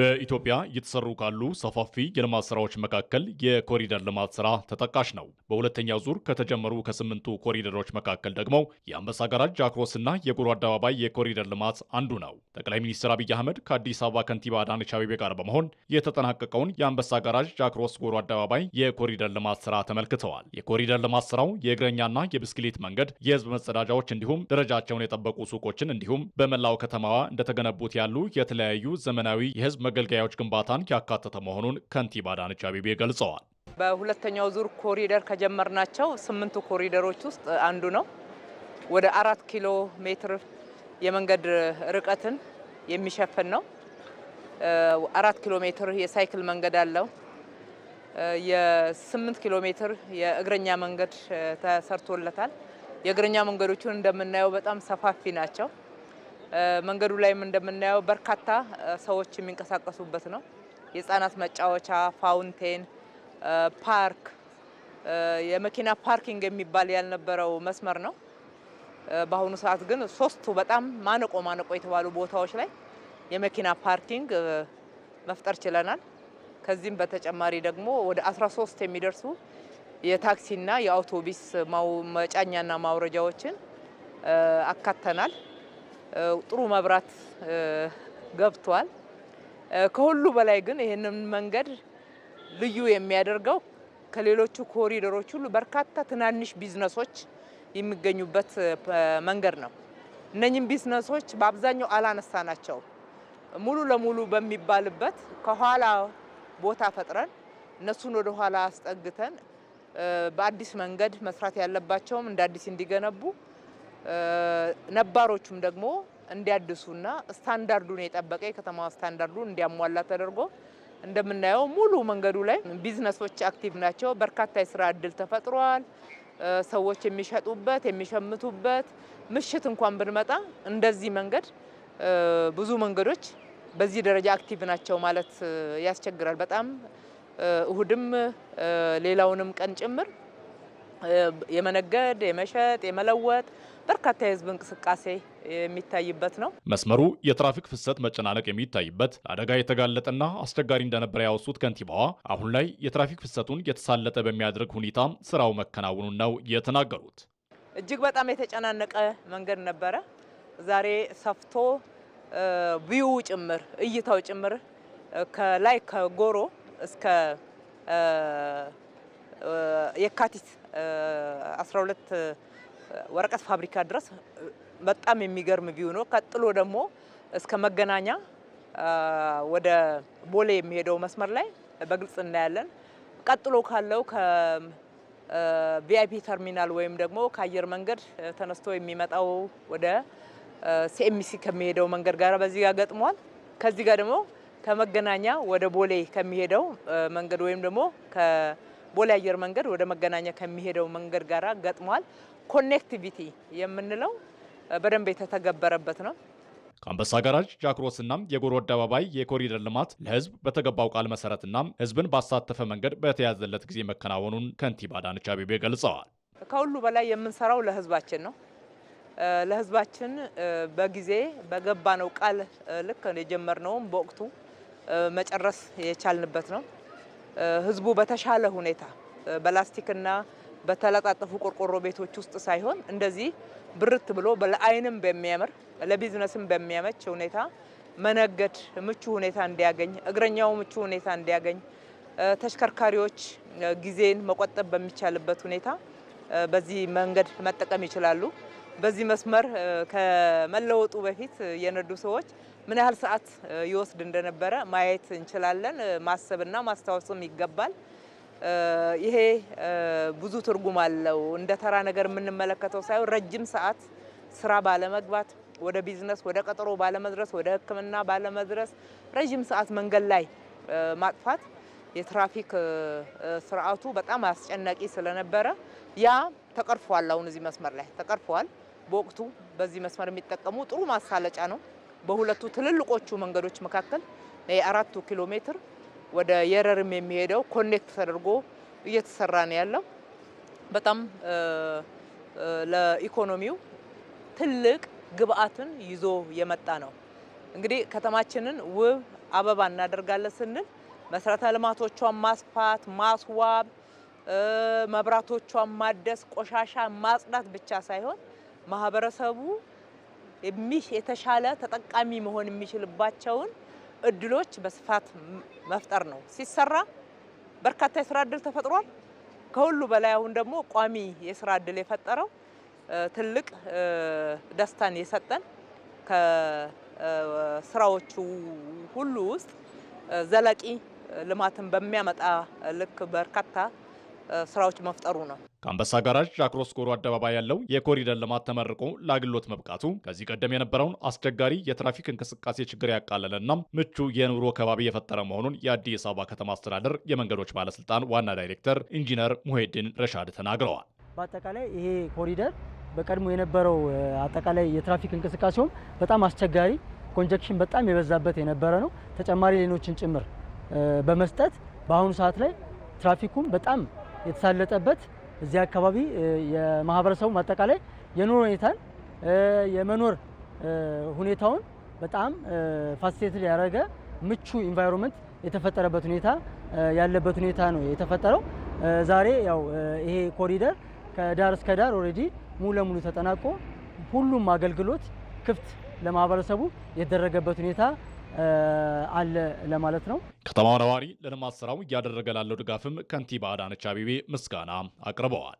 በኢትዮጵያ እየተሰሩ ካሉ ሰፋፊ የልማት ስራዎች መካከል የኮሪደር ልማት ስራ ተጠቃሽ ነው። በሁለተኛ ዙር ከተጀመሩ ከስምንቱ ኮሪደሮች መካከል ደግሞ የአንበሳ ጋራጅ አክሮስና የጎሮ አደባባይ የኮሪደር ልማት አንዱ ነው። ጠቅላይ ሚኒስትር አብይ አህመድ ከአዲስ አበባ ከንቲባ አዳነች አቤቤ ጋር በመሆን የተጠናቀቀውን የአንበሳ ጋራጅ አክሮስ ጎሮ አደባባይ የኮሪደር ልማት ስራ ተመልክተዋል። የኮሪደር ልማት ስራው የእግረኛና የብስክሌት መንገድ፣ የህዝብ መጸዳጃዎች እንዲሁም ደረጃቸውን የጠበቁ ሱቆችን እንዲሁም በመላው ከተማዋ እንደተገነቡት ያሉ የተለያዩ ዘመናዊ የህዝብ መገልገያዎች ግንባታን ያካተተ መሆኑን ከንቲባ አዳነች አቤቤ ገልጸዋል። በሁለተኛው ዙር ኮሪደር ከጀመርናቸው ስምንቱ ኮሪደሮች ውስጥ አንዱ ነው። ወደ አራት ኪሎ ሜትር የመንገድ ርቀትን የሚሸፍን ነው። አራት ኪሎ ሜትር የሳይክል መንገድ አለው። የስምንት ኪሎ ሜትር የእግረኛ መንገድ ተሰርቶለታል። የእግረኛ መንገዶቹን እንደምናየው በጣም ሰፋፊ ናቸው። መንገዱ ላይም እንደምናየው በርካታ ሰዎች የሚንቀሳቀሱበት ነው። የህፃናት መጫወቻ፣ ፋውንቴን፣ ፓርክ፣ የመኪና ፓርኪንግ የሚባል ያልነበረው መስመር ነው። በአሁኑ ሰዓት ግን ሶስቱ በጣም ማነቆ ማነቆ የተባሉ ቦታዎች ላይ የመኪና ፓርኪንግ መፍጠር ችለናል። ከዚህም በተጨማሪ ደግሞ ወደ 13 የሚደርሱ የታክሲና የአውቶቡስ መጫኛና ማውረጃዎችን አካተናል። ጥሩ መብራት ገብቷል። ከሁሉ በላይ ግን ይህንን መንገድ ልዩ የሚያደርገው ከሌሎቹ ኮሪደሮች ሁሉ በርካታ ትናንሽ ቢዝነሶች የሚገኙበት መንገድ ነው። እነኝም ቢዝነሶች በአብዛኛው አላነሳ ናቸው። ሙሉ ለሙሉ በሚባልበት ከኋላ ቦታ ፈጥረን እነሱን ወደ ኋላ አስጠግተን በአዲስ መንገድ መስራት ያለባቸውም እንደ አዲስ እንዲገነቡ ነባሮቹም ደግሞ እንዲያድሱና ስታንዳርዱን የጠበቀ የከተማዋ ስታንዳርዱን እንዲያሟላ ተደርጎ እንደምናየው ሙሉ መንገዱ ላይ ቢዝነሶች አክቲቭ ናቸው። በርካታ የስራ እድል ተፈጥሯል። ሰዎች የሚሸጡበት የሚሸምቱበት፣ ምሽት እንኳን ብንመጣ እንደዚህ መንገድ ብዙ መንገዶች በዚህ ደረጃ አክቲቭ ናቸው ማለት ያስቸግራል። በጣም እሁድም ሌላውንም ቀን ጭምር የመነገድ የመሸጥ የመለወጥ በርካታ የህዝብ እንቅስቃሴ የሚታይበት ነው። መስመሩ የትራፊክ ፍሰት መጨናነቅ የሚታይበት ለአደጋ የተጋለጠና አስቸጋሪ እንደነበረ ያወሱት ከንቲባዋ አሁን ላይ የትራፊክ ፍሰቱን የተሳለጠ በሚያደርግ ሁኔታ ስራው መከናወኑን ነው የተናገሩት። እጅግ በጣም የተጨናነቀ መንገድ ነበረ። ዛሬ ሰፍቶ ቪው ጭምር እይታው ጭምር ከላይ ከጎሮ እስከ የካቲት 12 ወረቀት ፋብሪካ ድረስ በጣም የሚገርም ቪው ነው። ቀጥሎ ደግሞ እስከ መገናኛ ወደ ቦሌ የሚሄደው መስመር ላይ በግልጽ እናያለን። ቀጥሎ ካለው ከቪአይፒ ተርሚናል ወይም ደግሞ ከአየር መንገድ ተነስቶ የሚመጣው ወደ ሲኤምሲ ከሚሄደው መንገድ ጋር በዚህ ጋር ገጥሟል። ከዚህ ጋር ደግሞ ከመገናኛ ወደ ቦሌ ከሚሄደው መንገድ ወይም ደግሞ ከቦሌ አየር መንገድ ወደ መገናኛ ከሚሄደው መንገድ ጋር ገጥሟል። ኮኔክቲቪቲ የምንለው በደንብ የተተገበረበት ነው። ከአንበሳ ጋራጅ ጃክሮስና የጎሮ አደባባይ የኮሪደር ልማት ለህዝብ በተገባው ቃል መሰረትና ህዝብን ባሳተፈ መንገድ በተያዘለት ጊዜ መከናወኑን ከንቲባ አዳነች አቤቤ ገልጸዋል። ከሁሉ በላይ የምንሰራው ለህዝባችን ነው። ለህዝባችን በጊዜ በገባነው ቃል ልክ የጀመርነውም በወቅቱ መጨረስ የቻልንበት ነው። ህዝቡ በተሻለ ሁኔታ በላስቲክና በተለጣጠፉ ቆርቆሮ ቤቶች ውስጥ ሳይሆን እንደዚህ ብርት ብሎ ለአይንም በሚያምር ለቢዝነስም በሚያመች ሁኔታ መነገድ ምቹ ሁኔታ እንዲያገኝ፣ እግረኛው ምቹ ሁኔታ እንዲያገኝ፣ ተሽከርካሪዎች ጊዜን መቆጠብ በሚቻልበት ሁኔታ በዚህ መንገድ መጠቀም ይችላሉ። በዚህ መስመር ከመለወጡ በፊት የነዱ ሰዎች ምን ያህል ሰዓት ይወስድ እንደነበረ ማየት እንችላለን። ማሰብና ማስታወስም ይገባል። ይሄ ብዙ ትርጉም አለው። እንደ ተራ ነገር የምንመለከተው ሳይሆን ረጅም ሰዓት ስራ ባለመግባት፣ ወደ ቢዝነስ ወደ ቀጠሮ ባለመድረስ፣ ወደ ሕክምና ባለመድረስ ረጅም ሰዓት መንገድ ላይ ማጥፋት የትራፊክ ስርዓቱ በጣም አስጨናቂ ስለነበረ ያ ተቀርፏል። አሁን እዚህ መስመር ላይ ተቀርፏል። በወቅቱ በዚህ መስመር የሚጠቀሙ ጥሩ ማሳለጫ ነው። በሁለቱ ትልልቆቹ መንገዶች መካከል የአራቱ ኪሎ ሜትር ወደ የረርም የሚሄደው ኮኔክት ተደርጎ እየተሰራ ነው ያለው። በጣም ለኢኮኖሚው ትልቅ ግብአትን ይዞ የመጣ ነው። እንግዲህ ከተማችንን ውብ አበባ እናደርጋለን ስንል መሰረተ ልማቶቿን ማስፋት፣ ማስዋብ፣ መብራቶቿን ማደስ፣ ቆሻሻ ማጽዳት ብቻ ሳይሆን ማህበረሰቡ የተሻለ ተጠቃሚ መሆን የሚችልባቸውን እድሎች በስፋት መፍጠር ነው። ሲሰራ በርካታ የስራ እድል ተፈጥሯል። ከሁሉ በላይ አሁን ደግሞ ቋሚ የስራ እድል የፈጠረው ትልቅ ደስታን የሰጠን ከስራዎቹ ሁሉ ውስጥ ዘላቂ ልማትን በሚያመጣ ልክ በርካታ ስራዎች መፍጠሩ ነው። ከአንበሳ ጋራጅ አክሮስ ጎሮ አደባባይ ያለው የኮሪደር ልማት ተመርቆ ለአገልግሎት መብቃቱ ከዚህ ቀደም የነበረውን አስቸጋሪ የትራፊክ እንቅስቃሴ ችግር ያቃለለና ምቹ የኑሮ ከባቢ የፈጠረ መሆኑን የአዲስ አበባ ከተማ አስተዳደር የመንገዶች ባለስልጣን ዋና ዳይሬክተር ኢንጂነር ሙሄድን ረሻድ ተናግረዋል። በአጠቃላይ ይሄ ኮሪደር በቀድሞ የነበረው አጠቃላይ የትራፊክ እንቅስቃሴውም በጣም አስቸጋሪ ኮንጀክሽን በጣም የበዛበት የነበረ ነው። ተጨማሪ ሌኖችን ጭምር በመስጠት በአሁኑ ሰዓት ላይ ትራፊኩም በጣም የተሳለጠበት እዚህ አካባቢ የማህበረሰቡ አጠቃላይ የኑሮ ሁኔታን የመኖር ሁኔታውን በጣም ፋሲሊቴት ያደረገ ምቹ ኢንቫይሮንመንት የተፈጠረበት ሁኔታ ያለበት ሁኔታ ነው የተፈጠረው። ዛሬ ያው ይሄ ኮሪደር ከዳር እስከ ዳር ኦልሬዲ ሙሉ ለሙሉ ተጠናቆ ሁሉም አገልግሎት ክፍት ለማህበረሰቡ የተደረገበት ሁኔታ አለ ለማለት ነው። ከተማው ነዋሪ ለልማት ስራው እያደረገ ላለው ድጋፍም ከንቲባ አዳነች አቤቤ ምስጋና አቅርበዋል።